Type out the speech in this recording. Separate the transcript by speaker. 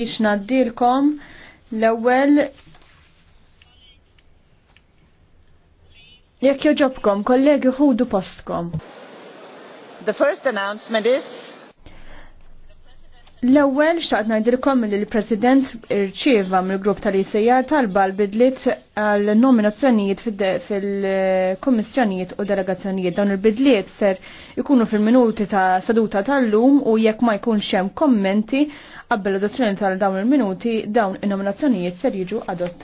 Speaker 1: biex naddilkom l-ewwel jekk joġobkom kollegi ħudu postkom.
Speaker 2: The first announcement is
Speaker 1: L-ewwel xtaqt ngħidilkom li l-President irċieva mill-grupp tal-ICR e talba l-bidliet għal nominazzjonijiet fil kummissjonijiet u delegazzjonijiet. Dawn il-bidliet ser ikunu fil-minuti ta' seduta tal-lum u jekk ma jkunx hemm kommenti qabel l-adozzjoni tal-dawn il-minuti dawn in-nominazzjonijiet ser jiġu adottati.